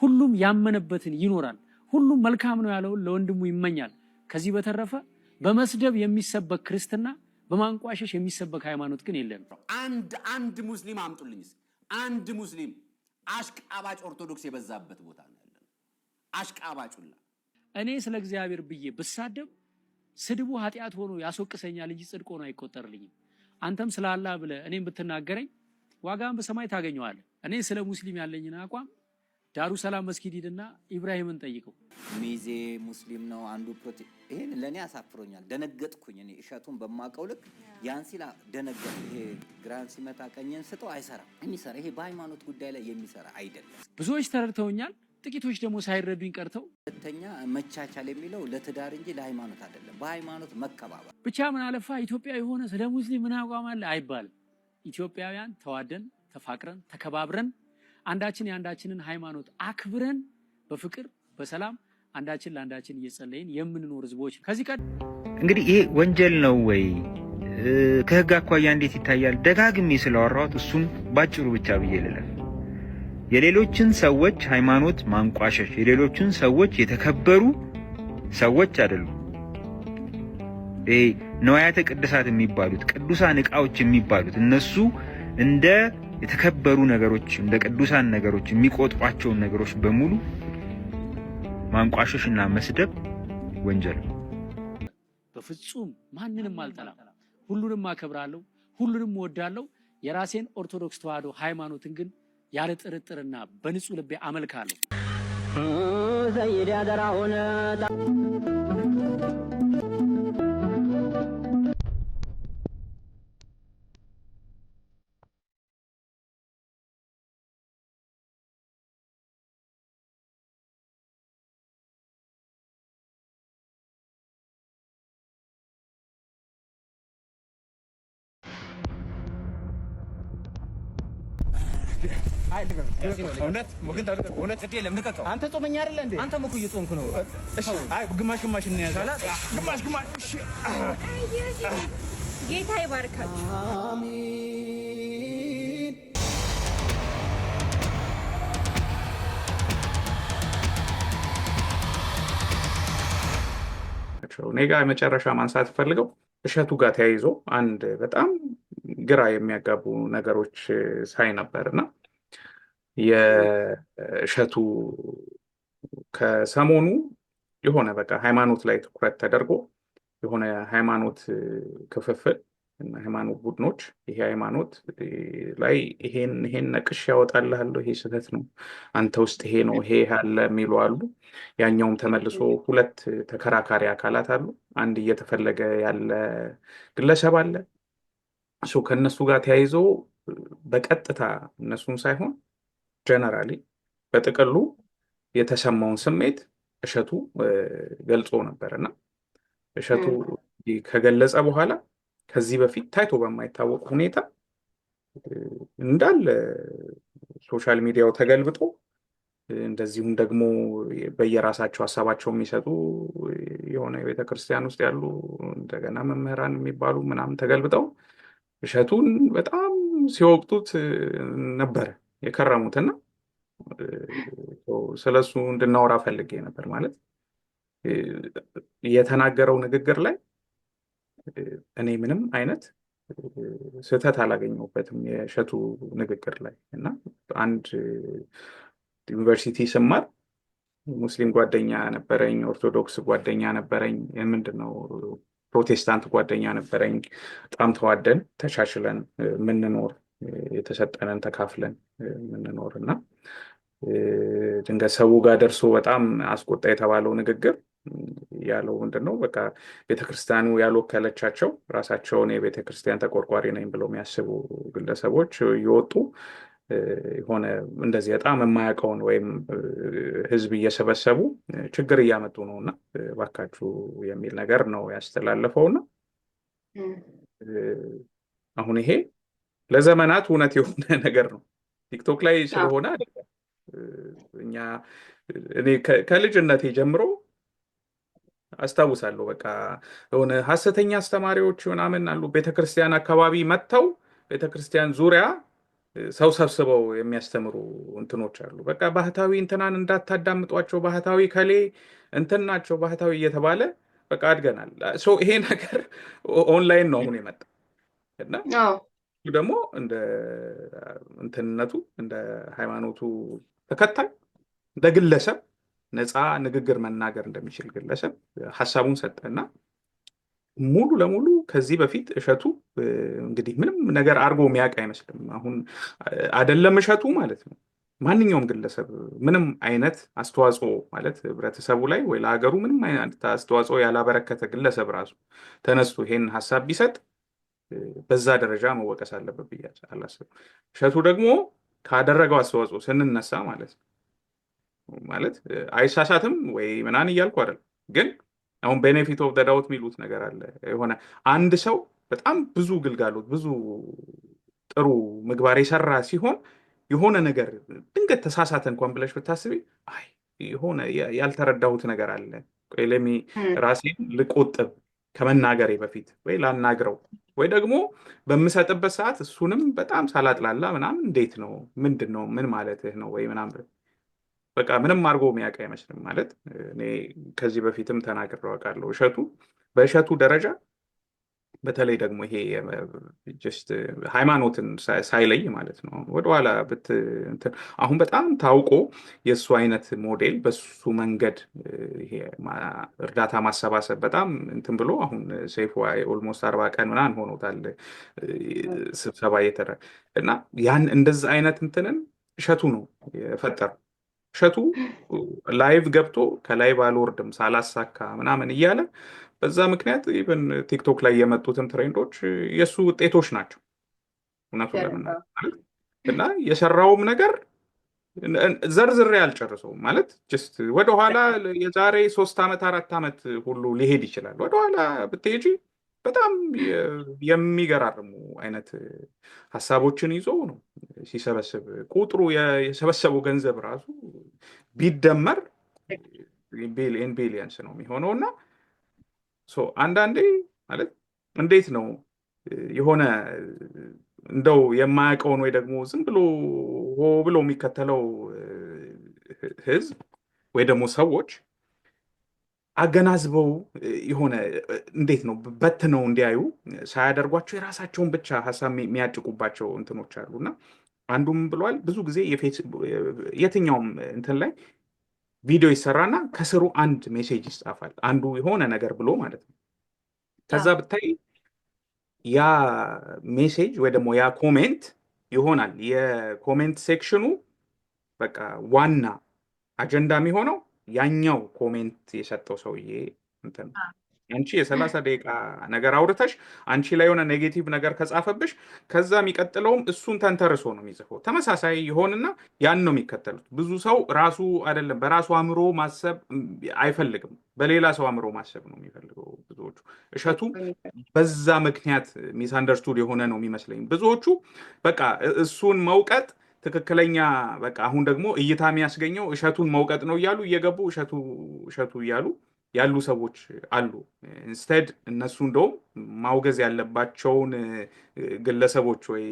ሁሉም ያመነበትን ይኖራል። ሁሉም መልካም ነው ያለውን ለወንድሙ ይመኛል። ከዚህ በተረፈ በመስደብ የሚሰበክ ክርስትና፣ በማንቋሸሽ የሚሰበክ ሃይማኖት ግን የለም። አንድ አንድ ሙስሊም አምጡልኝ፣ አንድ ሙስሊም አሽቃባጭ ኦርቶዶክስ የበዛበት ቦታ ነው ያለ። አሽቃባጩላ እኔ ስለ እግዚአብሔር ብዬ ብሳደብ ስድቡ ኃጢአት ሆኖ ያስወቅሰኛል እንጂ ጽድቅ ሆኖ አይቆጠርልኝም። አንተም ስለ አላህ ብለህ እኔም ብትናገረኝ ዋጋን በሰማይ ታገኘዋለህ። እኔ ስለ ሙስሊም ያለኝን አቋም ዳሩ ሰላም መስጊድ ሂድና ኢብራሂምን ጠይቀው። ሚዜ ሙስሊም ነው አንዱ ፕሮቴ ይሄን ለእኔ አሳፍሮኛል። ደነገጥኩኝ። እኔ እሸቱን በማውቀው ልክ ያን ደነገጥ። ይሄ ግራን ሲመታ ቀኝን ስጠው አይሰራ የሚሰራ ይሄ በሃይማኖት ጉዳይ ላይ የሚሰራ አይደለም። ብዙዎች ተረድተውኛል፣ ጥቂቶች ደግሞ ሳይረዱኝ ቀርተው። ሁለተኛ መቻቻል የሚለው ለትዳር እንጂ ለሃይማኖት አይደለም። በሃይማኖት መከባበር ብቻ ምን አለፋ ኢትዮጵያ የሆነ ስለ ሙስሊም ምን አቋም አለ አይባልም። ኢትዮጵያውያን ተዋደን ተፋቅረን ተከባብረን አንዳችን የአንዳችንን ሃይማኖት አክብረን በፍቅር በሰላም አንዳችን ለአንዳችን እየጸለይን የምንኖር ህዝቦች ከዚህ ቀድ እንግዲህ ይሄ ወንጀል ነው ወይ? ከህግ አኳያ እንዴት ይታያል? ደጋግሜ ስላወራሁት እሱም ባጭሩ ብቻ ብዬ ልለፍ። የሌሎችን ሰዎች ሃይማኖት ማንቋሸሽ የሌሎችን ሰዎች የተከበሩ ሰዎች አይደሉም። ነዋያተ ንዋያተ ቅድሳት የሚባሉት ቅዱሳን ዕቃዎች የሚባሉት እነሱ እንደ የተከበሩ ነገሮች እንደ ቅዱሳን ነገሮች የሚቆጥሯቸውን ነገሮች በሙሉ ማንቋሸሽና መስደብ ወንጀል ነው። በፍጹም ማንንም አልጠላም፣ ሁሉንም አከብራለሁ፣ ሁሉንም እወዳለሁ። የራሴን ኦርቶዶክስ ተዋሕዶ ሃይማኖትን ግን ያለ ጥርጥርና በንጹህ ልቤ አመልካለሁ። ዘይድ ሆነ አንተ ጾመኛ አይደለ እንዴ? አንተም እኮ እየጾምክ ነው። አይ ግማሽ ግማሽ ግማሽ ግማሽ። እሺ፣ ጌታ ይባርካችሁ። አሜን። እኔ መጨረሻ ማንሳት ፈልገው እሸቱ ጋር ተያይዞ አንድ በጣም ግራ የሚያጋቡ ነገሮች ሳይ ነበር እና የእሸቱ ከሰሞኑ የሆነ በቃ ሃይማኖት ላይ ትኩረት ተደርጎ የሆነ ሃይማኖት ክፍፍል እና ሃይማኖት ቡድኖች ይሄ ሃይማኖት ላይ ይሄን ይሄን ነቅሽ ያወጣልሃለሁ ይሄ ስህተት ነው፣ አንተ ውስጥ ይሄ ነው ይሄ ያለ የሚሉ አሉ። ያኛውም ተመልሶ ሁለት ተከራካሪ አካላት አሉ። አንድ እየተፈለገ ያለ ግለሰብ አለ። እሱ ከእነሱ ጋር ተያይዞ በቀጥታ እነሱን ሳይሆን ጀነራሊ በጥቅሉ የተሰማውን ስሜት እሸቱ ገልጾ ነበር እና እሸቱ ከገለጸ በኋላ ከዚህ በፊት ታይቶ በማይታወቅ ሁኔታ እንዳለ ሶሻል ሚዲያው ተገልብጦ እንደዚሁም ደግሞ በየራሳቸው ሀሳባቸው የሚሰጡ የሆነ የቤተክርስቲያን ውስጥ ያሉ እንደገና መምህራን የሚባሉ ምናምን ተገልብጠው እሸቱን በጣም ሲወቅጡት ነበረ። የከረሙትና ስለሱ እንድናወራ ፈልጌ ነበር። ማለት የተናገረው ንግግር ላይ እኔ ምንም አይነት ስህተት አላገኘሁበትም የእሸቱ ንግግር ላይ እና አንድ ዩኒቨርሲቲ ስማር ሙስሊም ጓደኛ ነበረኝ፣ ኦርቶዶክስ ጓደኛ ነበረኝ፣ ምንድነው ፕሮቴስታንት ጓደኛ ነበረኝ። በጣም ተዋደን ተቻችለን የምንኖር የተሰጠነን ተካፍለን የምንኖር እና ድንገት ሰው ጋር ደርሶ በጣም አስቆጣ የተባለው ንግግር ያለው ምንድን ነው? በቃ ቤተክርስቲያኑ ያልወከለቻቸው ራሳቸውን የቤተክርስቲያን ተቆርቋሪ ነኝ ብለው የሚያስቡ ግለሰቦች እየወጡ የሆነ እንደዚህ በጣም የማያውቀውን ወይም ህዝብ እየሰበሰቡ ችግር እያመጡ ነው እና ባካችሁ የሚል ነገር ነው ያስተላለፈውና አሁን ይሄ ለዘመናት እውነት የሆነ ነገር ነው። ቲክቶክ ላይ ስለሆነ እኛ እኔ ከልጅነቴ ጀምሮ አስታውሳለሁ። በቃ የሆነ ሀሰተኛ አስተማሪዎች ምናምን አሉ ቤተክርስቲያን አካባቢ መጥተው ቤተክርስቲያን ዙሪያ ሰው ሰብስበው የሚያስተምሩ እንትኖች አሉ። በቃ ባህታዊ እንትናን እንዳታዳምጧቸው፣ ባህታዊ ከሌ እንትን ናቸው፣ ባህታዊ እየተባለ በቃ አድገናል። ይሄ ነገር ኦንላይን ነው አሁን የመጣ እና ደግሞ እንደ እንትንነቱ እንደ ሃይማኖቱ ተከታይ እንደ ግለሰብ ነፃ ንግግር መናገር እንደሚችል ግለሰብ ሀሳቡን ሰጠና ሙሉ ለሙሉ ከዚህ በፊት እሸቱ እንግዲህ ምንም ነገር አድርጎ የሚያውቅ አይመስልም። አሁን አደለም እሸቱ ማለት ነው ማንኛውም ግለሰብ ምንም አይነት አስተዋጽኦ ማለት ህብረተሰቡ ላይ ወይ ለሀገሩ ምንም አይነት አስተዋጽኦ ያላበረከተ ግለሰብ ራሱ ተነስቶ ይሄን ሀሳብ ቢሰጥ በዛ ደረጃ መወቀስ አለበት ብዬ አላስብም። እሸቱ ደግሞ ካደረገው አስተዋጽኦ ስንነሳ ማለት ነው ማለት አይሳሳትም ወይ ምናን እያልኩ አይደለም። ግን አሁን ቤኔፊት ኦፍ ደዳውት የሚሉት ነገር አለ። የሆነ አንድ ሰው በጣም ብዙ ግልጋሎት፣ ብዙ ጥሩ ምግባር የሰራ ሲሆን የሆነ ነገር ድንገት ተሳሳተ እንኳን ብለሽ ብታስቢ አይ የሆነ ያልተረዳሁት ነገር አለ፣ ቆይ ለሚ ራሴን ልቆጥብ ከመናገሬ በፊት ወይ ላናግረው ወይ ደግሞ በምሰጥበት ሰዓት እሱንም በጣም ሳላጥላላ ምናምን እንዴት ነው ምንድን ነው ምን ማለትህ ነው ወይ ምናምን በቃ ምንም አድርጎ የሚያውቅ አይመስልም። ማለት እኔ ከዚህ በፊትም ተናግሬ አውቃለሁ። እሸቱ በእሸቱ ደረጃ በተለይ ደግሞ ይሄ ጀስት ሃይማኖትን ሳይለይ ማለት ነው። ወደኋላ ብት አሁን በጣም ታውቆ የእሱ አይነት ሞዴል በሱ መንገድ ይሄ እርዳታ ማሰባሰብ በጣም እንትን ብሎ አሁን ሰይፉ ኦልሞስት አርባ ቀን ምናን ሆኖታል ስብሰባ እየተረ እና ያን እንደዚ አይነት እንትንን እሸቱ ነው የፈጠር እሸቱ ላይቭ ገብቶ ከላይቭ አልወርድም ሳላሳካ ምናምን እያለ በዛ ምክንያት ኢቨን ቲክቶክ ላይ የመጡትን ትሬንዶች የእሱ ውጤቶች ናቸው። እውነቱ እና የሰራውም ነገር ዘርዝሬ አልጨርሰውም ማለት ስት ወደኋላ የዛሬ ሶስት ዓመት አራት ዓመት ሁሉ ሊሄድ ይችላል። ወደኋላ ብትሄጂ በጣም የሚገራርሙ አይነት ሀሳቦችን ይዞ ነው ሲሰበስብ ቁጥሩ የሰበሰበው ገንዘብ ራሱ ቢደመር ቢሊየንስ ነው የሚሆነው እና አንዳንዴ ማለት እንዴት ነው የሆነ እንደው የማያውቀውን ወይ ደግሞ ዝም ብሎ ሆ ብሎ የሚከተለው ህዝብ ወይ ደግሞ ሰዎች አገናዝበው የሆነ እንዴት ነው በትነው እንዲያዩ ሳያደርጓቸው የራሳቸውን ብቻ ሀሳብ የሚያጭቁባቸው እንትኖች አሉ እና አንዱም ብሏል ብዙ ጊዜ የትኛውም እንትን ላይ ቪዲዮ ይሰራና ከስሩ አንድ ሜሴጅ ይጻፋል። አንዱ የሆነ ነገር ብሎ ማለት ነው። ከዛ ብታይ ያ ሜሴጅ ወይ ደግሞ ያ ኮሜንት ይሆናል የኮሜንት ሴክሽኑ በቃ ዋና አጀንዳ የሚሆነው ያኛው ኮሜንት የሰጠው ሰውዬ እንትን አንቺ የሰላሳ ደቂቃ ነገር አውርተሽ አንቺ ላይ የሆነ ኔጌቲቭ ነገር ከጻፈብሽ ከዛ የሚቀጥለውም እሱን ተንተርሶ ነው የሚጽፈው። ተመሳሳይ ይሆንና ያን ነው የሚከተሉት። ብዙ ሰው ራሱ አይደለም በራሱ አእምሮ ማሰብ አይፈልግም፣ በሌላ ሰው አእምሮ ማሰብ ነው የሚፈልገው። ብዙዎቹ እሸቱ በዛ ምክንያት ሚስ የሆነ ነው የሚመስለኝ። ብዙዎቹ በቃ እሱን መውቀጥ ትክክለኛ በቃ አሁን ደግሞ እይታ የሚያስገኘው እሸቱን መውቀጥ ነው እያሉ እየገቡ እሸቱ እሸቱ እያሉ ያሉ ሰዎች አሉ። ኢንስቴድ እነሱ እንደውም ማውገዝ ያለባቸውን ግለሰቦች ወይ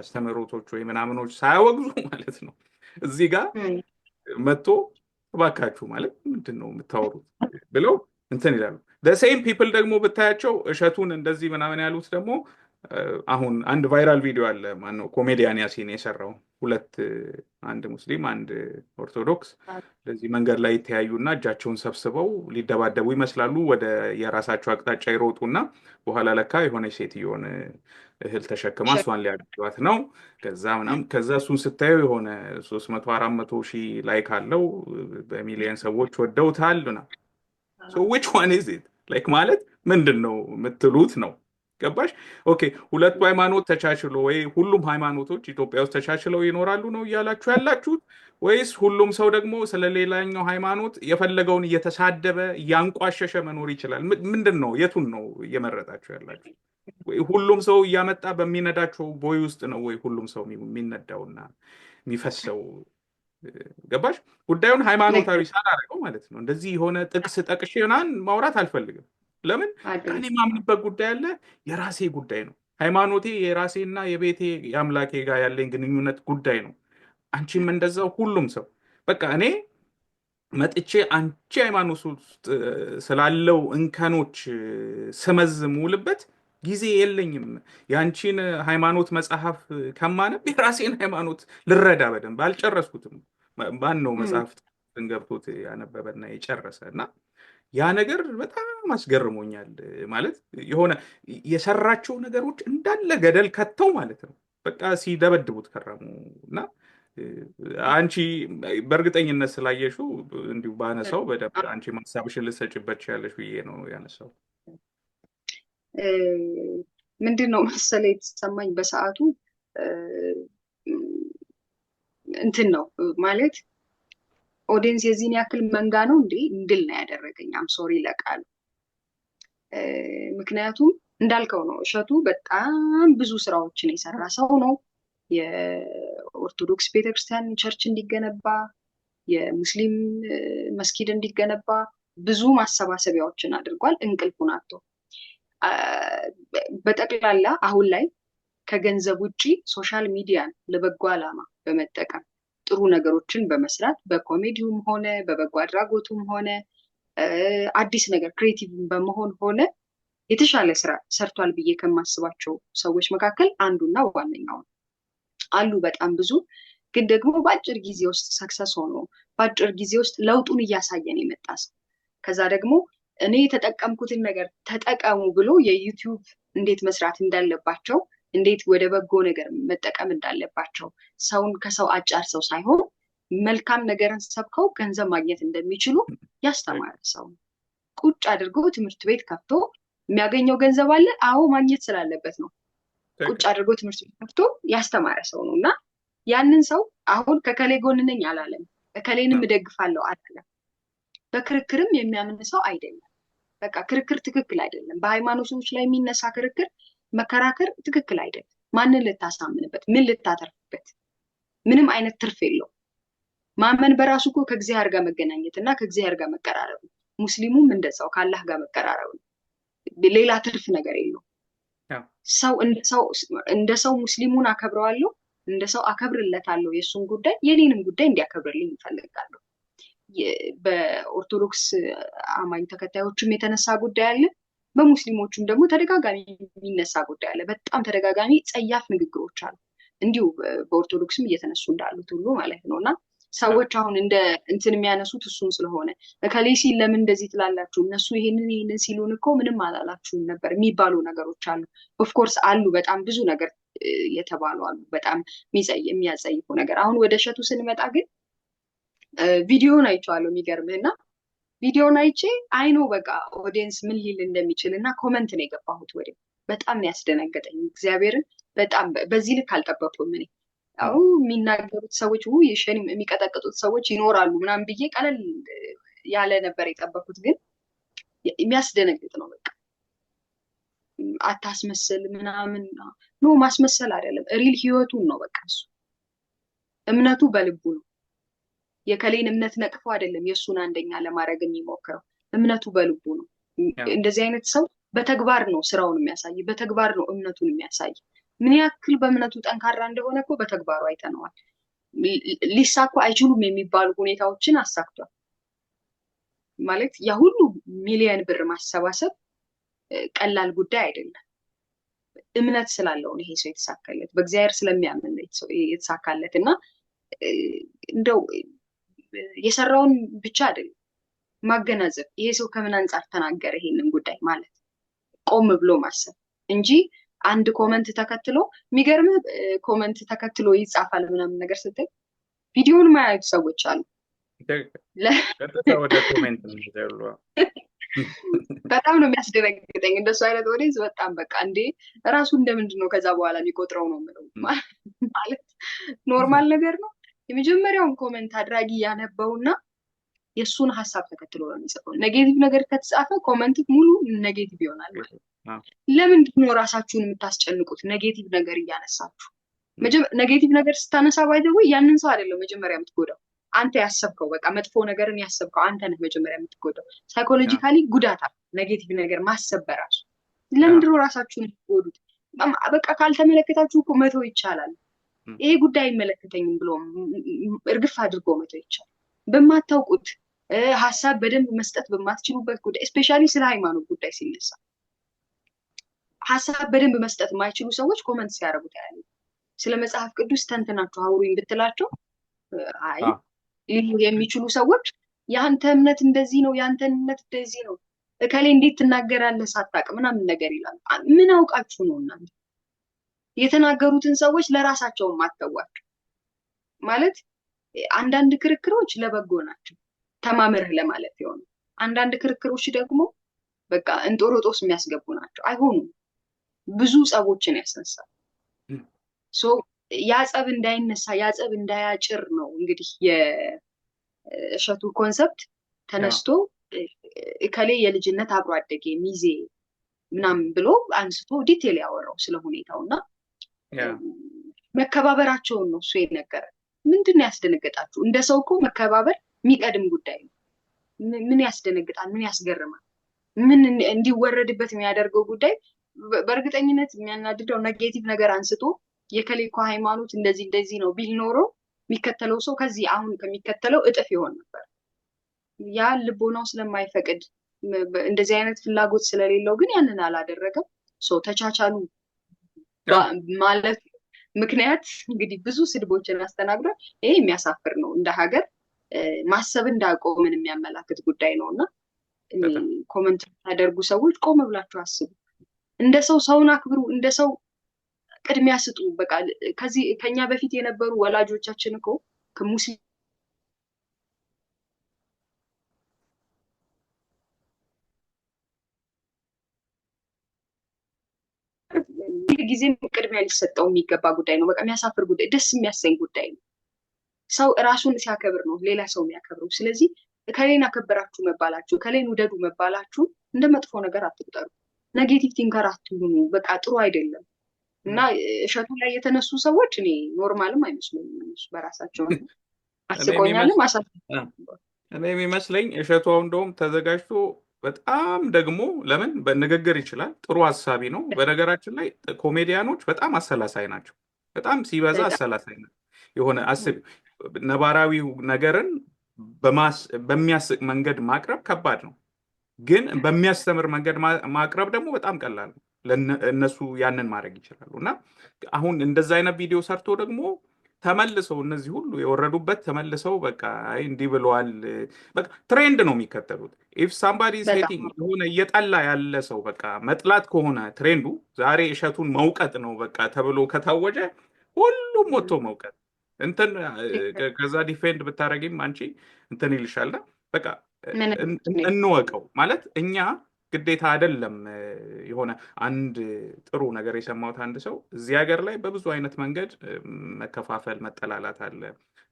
አስተምህሮቶች ወይ ምናምኖች ሳያወግዙ ማለት ነው እዚህ ጋር መጥቶ እባካችሁ ማለት ምንድን ነው የምታወሩት ብለው እንትን ይላሉ። ሴም ፒፕል ደግሞ ብታያቸው እሸቱን እንደዚህ ምናምን ያሉት ደግሞ አሁን አንድ ቫይራል ቪዲዮ አለ። ማነው ኮሜዲያን ያሲን የሰራው ሁለት አንድ ሙስሊም አንድ ኦርቶዶክስ ለዚህ መንገድ ላይ ይተያዩና እጃቸውን ሰብስበው ሊደባደቡ ይመስላሉ። ወደ የራሳቸው አቅጣጫ ይሮጡና በኋላ ለካ የሆነች ሴትዮን እህል ተሸክማ እሷን ሊያግባት ነው። ከዛ ምናምን ከዛ እሱን ስታየው የሆነ ሶስት መቶ አራት መቶ ሺህ ላይክ አለው በሚሊየን ሰዎች ወደውታል። ና ዊች ዋን ኢዝ ኢት ላይክ ማለት ምንድን ነው የምትሉት ነው ገባሽ? ኦኬ ሁለቱ ሃይማኖት ተቻችሎ ወይ ሁሉም ሃይማኖቶች ኢትዮጵያ ውስጥ ተቻችለው ይኖራሉ ነው እያላችሁ ያላችሁት? ወይስ ሁሉም ሰው ደግሞ ስለሌላኛው ሃይማኖት የፈለገውን እየተሳደበ እያንቋሸሸ መኖር ይችላል? ምንድን ነው የቱን ነው እየመረጣችሁ ያላችሁ? ሁሉም ሰው እያመጣ በሚነዳቸው ቦይ ውስጥ ነው ወይ ሁሉም ሰው የሚነዳውና የሚፈሰው? ገባሽ? ጉዳዩን ሃይማኖታዊ ሳላደርገው ማለት ነው። እንደዚህ የሆነ ጥቅስ ጠቅሼ ምናምን ማውራት አልፈልግም። ለምን እኔ ማምንበት ጉዳይ አለ፣ የራሴ ጉዳይ ነው። ሃይማኖቴ የራሴና የቤቴ የአምላኬ ጋር ያለኝ ግንኙነት ጉዳይ ነው። አንቺም እንደዛው፣ ሁሉም ሰው በቃ እኔ መጥቼ አንቺ ሃይማኖት ውስጥ ስላለው እንከኖች ስመዝም ጊዜ የለኝም። የአንቺን ሃይማኖት መጽሐፍ ከማነብ የራሴን ሃይማኖት ልረዳ በደንብ አልጨረስኩትም። ማን ነው መጽሐፍ ገብቶት ያነበበና የጨረሰ እና ያ ነገር በጣም በጣም አስገርሞኛል። ማለት የሆነ የሰራቸው ነገሮች እንዳለ ገደል ከተው ማለት ነው በቃ ሲደበድቡት ከረሙ እና አንቺ በእርግጠኝነት ስላየሹ እንዲሁ ባነሳው በደንብ አንቺ ማሳብሽን ልሰጭበት ያለሽ ብዬ ነው ያነሳው። ምንድን ነው መሰለ የተሰማኝ በሰዓቱ እንትን ነው ማለት ኦዲየንስ የዚህን ያክል መንጋ ነው እንዴ እንድል ነው ያደረገኝ። አም ሶሪ ለቃሉ ምክንያቱም እንዳልከው ነው። እሸቱ በጣም ብዙ ስራዎችን የሰራ ሰው ነው። የኦርቶዶክስ ቤተክርስቲያን ቸርች እንዲገነባ፣ የሙስሊም መስጊድ እንዲገነባ ብዙ ማሰባሰቢያዎችን አድርጓል። እንቅልፉ ናቶ በጠቅላላ አሁን ላይ ከገንዘብ ውጪ ሶሻል ሚዲያን ለበጎ አላማ በመጠቀም ጥሩ ነገሮችን በመስራት በኮሜዲውም ሆነ በበጎ አድራጎቱም ሆነ አዲስ ነገር ክሬቲቭ በመሆን ሆነ የተሻለ ስራ ሰርቷል ብዬ ከማስባቸው ሰዎች መካከል አንዱና ዋነኛው ነው። አሉ በጣም ብዙ ግን ደግሞ በአጭር ጊዜ ውስጥ ሰክሰስ ሆኖ በአጭር ጊዜ ውስጥ ለውጡን እያሳየን የመጣ ሰው ከዛ ደግሞ እኔ የተጠቀምኩትን ነገር ተጠቀሙ ብሎ የዩቲዩብ እንዴት መስራት እንዳለባቸው እንዴት ወደ በጎ ነገር መጠቀም እንዳለባቸው ሰውን ከሰው አጫር ሰው ሳይሆን መልካም ነገርን ሰብከው ገንዘብ ማግኘት እንደሚችሉ ያስተማረ ሰው ቁጭ አድርጎ ትምህርት ቤት ከፍቶ የሚያገኘው ገንዘብ አለ። አዎ ማግኘት ስላለበት ነው። ቁጭ አድርጎ ትምህርት ቤት ከፍቶ ያስተማረ ሰው ነው እና ያንን ሰው አሁን ከከሌ ጎን ነኝ አላለም፣ ከከሌንም እደግፋለሁ አላለም። በክርክርም የሚያምን ሰው አይደለም። በቃ ክርክር ትክክል አይደለም። በሃይማኖቶች ላይ የሚነሳ ክርክር መከራከር ትክክል አይደለም። ማንን ልታሳምንበት? ምን ልታተርፍበት? ምንም አይነት ትርፍ የለው? ማመን በራሱ እኮ ከእግዚአብሔር ጋር መገናኘት እና ከእግዚአብሔር ጋር መቀራረብ ነው። ሙስሊሙም እንደዛው ከአላህ ጋር መቀራረብ ነው። ሌላ ትርፍ ነገር የለው። ሰው እንደ ሰው ሙስሊሙን አከብረዋለሁ፣ እንደ ሰው አከብርለታለሁ። የእሱን ጉዳይ የኔንም ጉዳይ እንዲያከብርልኝ ይፈልጋለሁ። በኦርቶዶክስ አማኝ ተከታዮችም የተነሳ ጉዳይ አለ። በሙስሊሞቹም ደግሞ ተደጋጋሚ የሚነሳ ጉዳይ አለ። በጣም ተደጋጋሚ ጸያፍ ንግግሮች አሉ። እንዲሁ በኦርቶዶክስም እየተነሱ እንዳሉት ሁሉ ማለት ነው እና ሰዎች አሁን እንደ እንትን የሚያነሱት እሱም ስለሆነ እከሌ ሲል ለምን እንደዚህ ትላላችሁ እነሱ ይሄንን ይሄንን ሲሉን እኮ ምንም አላላችሁም ነበር የሚባሉ ነገሮች አሉ። ኦፍኮርስ አሉ፣ በጣም ብዙ ነገር የተባሉ አሉ። በጣም የሚያጸይፉ ነገር። አሁን ወደ እሸቱ ስንመጣ ግን ቪዲዮን አይቼዋለሁ የሚገርምህ እና ቪዲዮን አይቼ አይኖ በቃ ኦዲየንስ ምን ሊል እንደሚችል እና ኮመንት ነው የገባሁት ወዲያው። በጣም ያስደነገጠኝ እግዚአብሔርን በጣም በዚህ ልክ አልጠበቁም እኔ አሁን የሚናገሩት ሰዎች የሸን የሚቀጠቅጡት ሰዎች ይኖራሉ ምናምን ብዬ ቀለል ያለ ነበር የጠበኩት። ግን የሚያስደነግጥ ነው። በቃ አታስመስል ምናምን ኖ ማስመሰል አይደለም፣ ሪል ህይወቱን ነው። በቃ እሱ እምነቱ በልቡ ነው። የከሌን እምነት ነቅፎ አይደለም የእሱን አንደኛ ለማድረግ የሚሞክረው እምነቱ በልቡ ነው። እንደዚህ አይነት ሰው በተግባር ነው ስራውን የሚያሳይ፣ በተግባር ነው እምነቱን የሚያሳይ። ምን ያክል በእምነቱ ጠንካራ እንደሆነ እኮ በተግባሩ አይተነዋል። ሊሳኩ አይችሉም የሚባሉ ሁኔታዎችን አሳክቷል። ማለት ያሁሉ ሚሊየን ብር ማሰባሰብ ቀላል ጉዳይ አይደለም። እምነት ስላለው ነው ይሄ ሰው የተሳካለት፣ በእግዚአብሔር ስለሚያምን የተሳካለት እና እንደው የሰራውን ብቻ አይደለም ማገናዘብ፣ ይሄ ሰው ከምን አንጻር ተናገረ ይሄንን ጉዳይ ማለት ቆም ብሎ ማሰብ እንጂ አንድ ኮመንት ተከትሎ የሚገርም ኮመንት ተከትሎ ይጻፋል ምናምን ነገር ስትል ቪዲዮን ማያዩት ሰዎች አሉ። በጣም ነው የሚያስደነግጠኝ። እንደሱ አይነት ወዴዝ በጣም በቃ እንዴ እራሱ እንደምንድን ነው ከዛ በኋላ የሚቆጥረው ነው የምለው። ማለት ኖርማል ነገር ነው። የመጀመሪያውን ኮመንት አድራጊ ያነበውና የእሱን ሀሳብ ተከትሎ ነው የሚጽፈው። ኔጌቲቭ ነገር ከተጻፈ ኮመንት ሙሉ ኔጌቲቭ ይሆናል ማለት ነው። ለምንድን ነው ራሳችሁን የምታስጨንቁት? ኔጌቲቭ ነገር እያነሳችሁ ኔጌቲቭ ነገር ስታነሳ ባይዘወ ያንን ሰው አይደለም መጀመሪያ የምትጎዳው አንተ ያሰብከው በቃ መጥፎ ነገርን ያሰብከው አንተ ነህ መጀመሪያ የምትጎዳው። ሳይኮሎጂካሊ ጉዳት አለ ኔጌቲቭ ነገር ማሰብ በራሱ ለምንድን ራሳችሁን የምትጎዱት? በቃ ካልተመለከታችሁ እኮ መተው ይቻላል። ይሄ ጉዳይ አይመለከተኝም ብሎ እርግፍ አድርጎ መተው ይቻላል በማታውቁት ሀሳብ በደንብ መስጠት በማትችሉበት ጉዳይ እስፔሻሊ ስለ ሃይማኖት ጉዳይ ሲነሳ ሀሳብ በደንብ መስጠት የማይችሉ ሰዎች ኮመንት ሲያደርጉት ታያለ። ስለ መጽሐፍ ቅዱስ ተንትናችሁ አውሩኝ ብትላቸው አይ የሚችሉ ሰዎች የአንተ እምነት እንደዚህ ነው፣ የአንተ እምነት እንደዚህ ነው፣ እከሌ እንዴት ትናገራለህ ሳታቅ ምናምን ነገር ይላሉ። ምን አውቃችሁ ነው እናንተ የተናገሩትን ሰዎች ለራሳቸውም አተዋቸው ማለት አንዳንድ ክርክሮች ለበጎ ናቸው። ተማምርህ ለማለት የሆኑ አንዳንድ ክርክሮች ደግሞ በቃ እንጦሮጦስ የሚያስገቡ ናቸው። አይሆኑም፣ ብዙ ጸቦችን ያስነሳል። ያ ጸብ እንዳይነሳ ያ ጸብ እንዳያጭር ነው እንግዲህ የእሸቱ ኮንሰፕት ተነስቶ እከሌ የልጅነት አብሮ አደጌ ሚዜ ምናምን ብሎ አንስቶ ዲቴል ያወራው ስለ ሁኔታው እና መከባበራቸውን ነው እሱ የነገረ ምንድን ነው ያስደነገጣችሁ? እንደ ሰው እኮ መከባበር የሚቀድም ጉዳይ ነው። ምን ያስደነግጣል? ምን ያስገርማል? ምን እንዲወረድበት የሚያደርገው ጉዳይ በእርግጠኝነት የሚያናድደው ኔጌቲቭ ነገር አንስቶ የከሌኮ ሃይማኖት እንደዚህ እንደዚህ ነው ቢል ኖሮ የሚከተለው ሰው ከዚህ አሁን ከሚከተለው እጥፍ ይሆን ነበር። ያ ልቦናው ስለማይፈቅድ እንደዚህ አይነት ፍላጎት ስለሌለው ግን ያንን አላደረገም። ሰው ተቻቻሉ ማለት ምክንያት እንግዲህ ብዙ ስድቦችን አስተናግዷል። ይሄ የሚያሳፍር ነው እንደ ሀገር ማሰብ እንዳቆምን የሚያመላክት ጉዳይ ነው እና ኮመንት የምታደርጉ ሰዎች ቆም ብላችሁ አስቡ። እንደ ሰው ሰውን አክብሩ፣ እንደ ሰው ቅድሚያ ስጡ። በቃ ከዚህ ከኛ በፊት የነበሩ ወላጆቻችን እኮ ከሙስሊ ጊዜም ቅድሚያ ሊሰጠው የሚገባ ጉዳይ ነው። በቃ የሚያሳፍር ጉዳይ፣ ደስ የሚያሰኝ ጉዳይ ነው። ሰው እራሱን ሲያከብር ነው ሌላ ሰው የሚያከብረው። ስለዚህ ከሌን አከበራችሁ መባላችሁ፣ ከሌን ውደዱ መባላችሁ እንደ መጥፎ ነገር አትቁጠሩ። ኔጌቲቭ ቲንከር አትሁኑ። በቃ ጥሩ አይደለም እና እሸቱ ላይ የተነሱ ሰዎች እኔ ኖርማልም አይመስሉም። እነሱ በራሳቸው አስቆኛልም አሳ እኔ የሚመስለኝ እሸቱ እንደውም ተዘጋጅቶ በጣም ደግሞ ለምን በንግግር ይችላል። ጥሩ ሀሳቢ ነው። በነገራችን ላይ ኮሜዲያኖች በጣም አሰላሳይ ናቸው። በጣም ሲበዛ አሰላሳይ ናቸው። የሆነ አስብ ነባራዊው ነገርን በሚያስቅ መንገድ ማቅረብ ከባድ ነው፣ ግን በሚያስተምር መንገድ ማቅረብ ደግሞ በጣም ቀላል እነሱ ያንን ማድረግ ይችላሉ። እና አሁን እንደዛ አይነት ቪዲዮ ሰርቶ ደግሞ ተመልሰው እነዚህ ሁሉ የወረዱበት ተመልሰው በቃ እንዲህ ብለዋል። በቃ ትሬንድ ነው የሚከተሉት። ኢፍ ሳምባዲ ሴቲንግ የሆነ እየጠላ ያለ ሰው በቃ መጥላት ከሆነ ትሬንዱ ዛሬ እሸቱን መውቀጥ ነው በቃ ተብሎ ከታወጀ ሁሉም ወጥቶ መውቀጥ እንትን ከዛ ዲፌንድ ብታደረግም አንቺ እንትን ይልሻል በቃ እንወቀው ማለት እኛ ግዴታ አይደለም። የሆነ አንድ ጥሩ ነገር የሰማሁት አንድ ሰው እዚህ ሀገር ላይ በብዙ አይነት መንገድ መከፋፈል፣ መጠላላት አለ።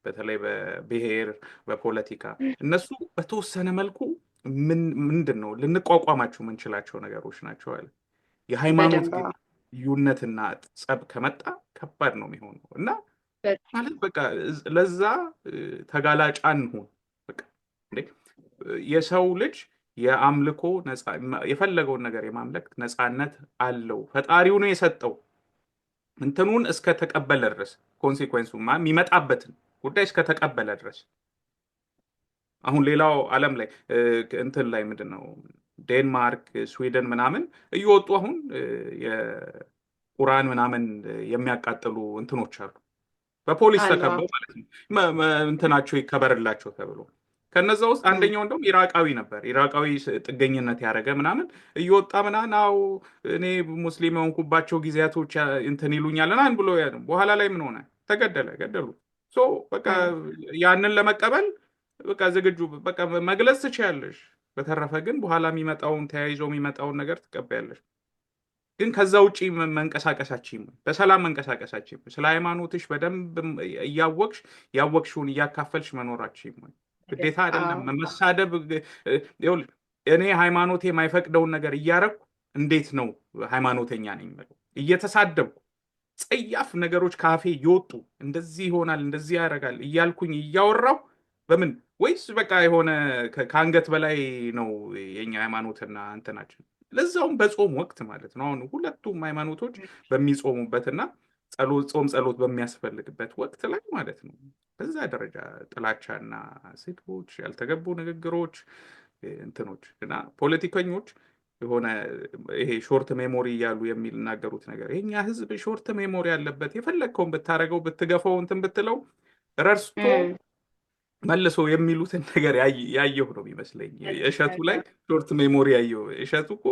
በተለይ በብሔር፣ በፖለቲካ እነሱ በተወሰነ መልኩ ምንድን ነው ልንቋቋማቸው የምንችላቸው ነገሮች ናቸው አለ። የሃይማኖት ልዩነትና ጸብ ከመጣ ከባድ ነው የሚሆነው እና ማለት በቃ ለዛ ተጋላጭ አንሁን። የሰው ልጅ የአምልኮ የፈለገውን ነገር የማምለክ ነፃነት አለው። ፈጣሪው ነው የሰጠው። እንትኑን እስከተቀበለ ድረስ ኮንሴኩንሱ የሚመጣበትን ጉዳይ እስከተቀበለ ድረስ አሁን ሌላው ዓለም ላይ እንትን ላይ ምንድን ነው ዴንማርክ፣ ስዊድን ምናምን እየወጡ አሁን የቁርአን ምናምን የሚያቃጥሉ እንትኖች አሉ በፖሊስ ተከበው ማለት ነው። እንትናቸው ይከበርላቸው ተብሎ ከነዛ ውስጥ አንደኛው እንደውም ኢራቃዊ ነበር። ኢራቃዊ ጥገኝነት ያደረገ ምናምን እየወጣ ምናምን አዎ እኔ ሙስሊም የሆንኩባቸው ጊዜያቶች እንትን ይሉኛል ምናምን ብሎ በኋላ ላይ ምን ሆነ? ተገደለ፣ ገደሉ። በቃ ያንን ለመቀበል በቃ ዝግጁ በቃ መግለጽ ትችያለሽ። በተረፈ ግን በኋላ የሚመጣውን ተያይዞ የሚመጣውን ነገር ትቀበያለሽ። ግን ከዛ ውጭ መንቀሳቀሳችም በሰላም መንቀሳቀሳችን ስለ ሃይማኖትሽ በደንብ እያወቅሽ ያወቅሽውን እያካፈልሽ መኖራችን ግዴታ አይደለም መሳደብ። እኔ ሃይማኖቴ የማይፈቅደውን ነገር እያረኩ እንዴት ነው ሃይማኖተኛ ነኝ የምለው? እየተሳደብኩ ጸያፍ ነገሮች ካፌ እየወጡ እንደዚህ ይሆናል እንደዚህ ያደርጋል እያልኩኝ እያወራው በምን ወይስ በቃ የሆነ ከአንገት በላይ ነው የኛ ሃይማኖትና እንትናችን ለዛውም በጾም ወቅት ማለት ነው። አሁን ሁለቱም ሃይማኖቶች በሚጾሙበትና ጾም ጸሎት በሚያስፈልግበት ወቅት ላይ ማለት ነው። በዛ ደረጃ ጥላቻና ሴቶች ያልተገቡ ንግግሮች እንትኖች እና ፖለቲከኞች የሆነ ይሄ ሾርት ሜሞሪ እያሉ የሚናገሩት ነገር ይሄኛ ህዝብ ሾርት ሜሞሪ አለበት። የፈለግከውን ብታደረገው ብትገፈው እንትን ብትለው ረርስቶ መልሶ የሚሉትን ነገር ያየሁ ነው የሚመስለኝ። እሸቱ ላይ ሾርት ሜሞሪ ያየሁ። እሸቱ እኮ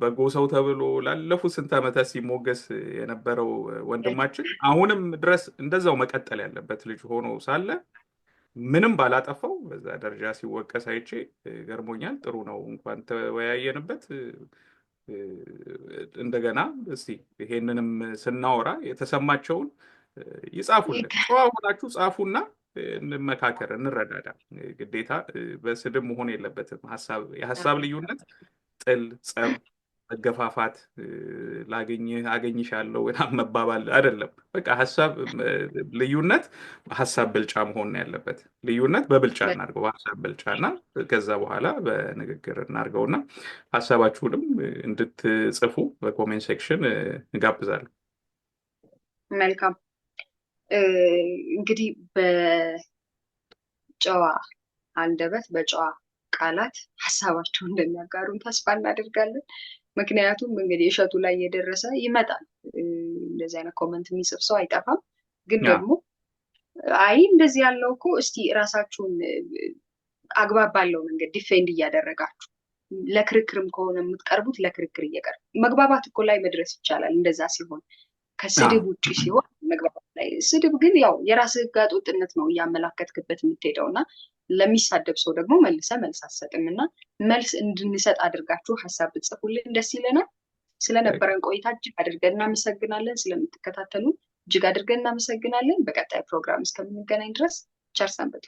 በጎሰው ተብሎ ላለፉት ስንት ዓመታት ሲሞገስ የነበረው ወንድማችን አሁንም ድረስ እንደዛው መቀጠል ያለበት ልጅ ሆኖ ሳለ ምንም ባላጠፋው በዛ ደረጃ ሲወቀስ አይቼ ገርሞኛል። ጥሩ ነው፣ እንኳን ተወያየንበት። እንደገና እስቲ ይሄንንም ስናወራ የተሰማቸውን ይጻፉልን። ጨዋ ሆናችሁ ጻፉና እንመካከር፣ እንረዳዳ። ግዴታ በስድብ መሆን የለበትም። የሀሳብ ልዩነት ጥል፣ ጸብ፣ መገፋፋት፣ ላገኝህ፣ አገኝሻለሁ መባባል አይደለም። በቃ ሀሳብ ልዩነት በሀሳብ ብልጫ መሆን ነው ያለበት። ልዩነት በብልጫ እናድርገው፣ በሀሳብ ብልጫ እና ከዛ በኋላ በንግግር እና ሀሳባችሁንም እንድትጽፉ በኮሜንት ሴክሽን እጋብዛለሁ። መልካም እንግዲህ በጨዋ አንደበት በጨዋ ቃላት ሀሳባቸውን እንደሚያጋሩን ተስፋ እናደርጋለን። ምክንያቱም እንግዲህ እሸቱ ላይ የደረሰ ይመጣል። እንደዚህ አይነት ኮመንት የሚጽፍ ሰው አይጠፋም። ግን ደግሞ አይ እንደዚህ ያለው እኮ እስቲ ራሳችሁን አግባብ ባለው መንገድ ዲፌንድ እያደረጋችሁ ለክርክርም ከሆነ የምትቀርቡት ለክርክር እየቀር መግባባት እኮ ላይ መድረስ ይቻላል። እንደዛ ሲሆን ከስድብ ውጭ ሲሆን መግባ ስድብ ግን ያው የራስ ህጋ ወጥነት ነው እያመላከትክበት የምትሄደው እና ለሚሳደብ ሰው ደግሞ መልሰ መልስ አትሰጥም እና መልስ እንድንሰጥ አድርጋችሁ ሀሳብ ብትጽፉልን ደስ ይለናል። ስለነበረን ቆይታ እጅግ አድርገን እናመሰግናለን። ስለምትከታተሉ እጅግ አድርገን እናመሰግናለን። በቀጣይ ፕሮግራም እስከምንገናኝ ድረስ ቸር ሰንብቱ።